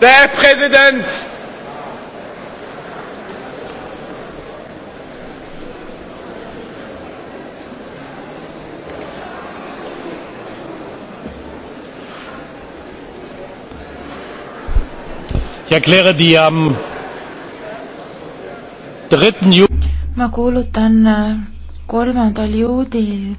Der Präsident! Ich erkläre die am 3. Juli. Ma kuulutan äh, kolmandal juudil